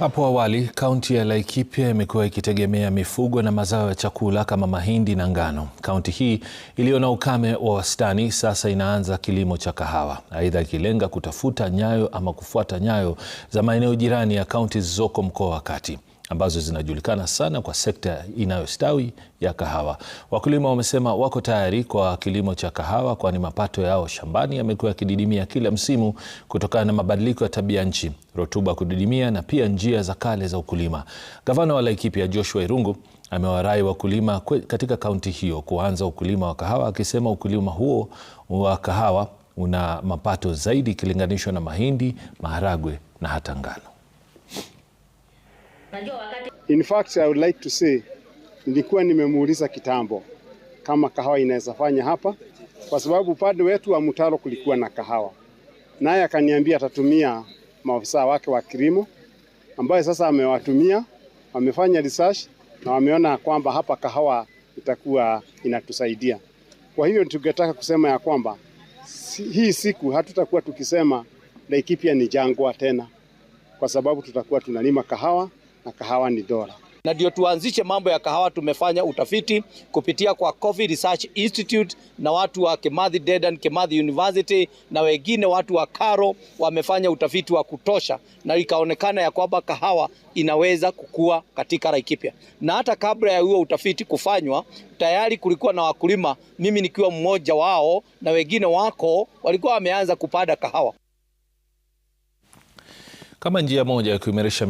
Hapo awali kaunti ya Laikipia imekuwa ikitegemea mifugo na mazao ya chakula kama mahindi na ngano. Kaunti hii iliyo na ukame wa wastani sasa inaanza kilimo cha kahawa, aidha ikilenga kutafuta nyayo ama kufuata nyayo za maeneo jirani ya kaunti zilizoko mkoa wa Kati ambazo zinajulikana sana kwa sekta inayostawi ya kahawa. Wakulima wamesema wako tayari kwa kilimo cha kahawa, kwani mapato yao shambani yamekuwa yakididimia kila msimu kutokana na mabadiliko ya tabia nchi, rutuba kudidimia, na pia njia za kale za ukulima. Gavana wa Laikipia Joshua Irungu amewarai wakulima katika kaunti hiyo kuanza ukulima wa kahawa, akisema ukulima huo wa kahawa una mapato zaidi ikilinganishwa na mahindi, maharagwe na hata ngano. Najua wakati... In fact, I would like to say nilikuwa nimemuuliza kitambo kama kahawa inaweza fanya hapa, kwa sababu upande wetu wa Mtaro kulikuwa na kahawa, naye akaniambia atatumia maafisa wake wa kilimo, ambayo sasa amewatumia, wamefanya research na wameona kwamba hapa kahawa itakuwa inatusaidia. Kwa hivyo tungetaka kusema ya kwamba si, hii siku hatutakuwa tukisema Laikipia ni jangwa tena, kwa sababu tutakuwa tunalima kahawa na kahawa ni dola na ndio tuanzishe mambo ya kahawa. Tumefanya utafiti kupitia kwa Coffee Research Institute na watu wa Kemathi Dedan, Kemathi University na wengine watu wa Karo wamefanya utafiti wa kutosha, na ikaonekana ya kwamba kahawa inaweza kukua katika Laikipia. Na hata kabla ya huo utafiti kufanywa, tayari kulikuwa na wakulima, mimi nikiwa mmoja wao na wengine wako, walikuwa wameanza kupanda kahawa kama njia moja ya kuimarisha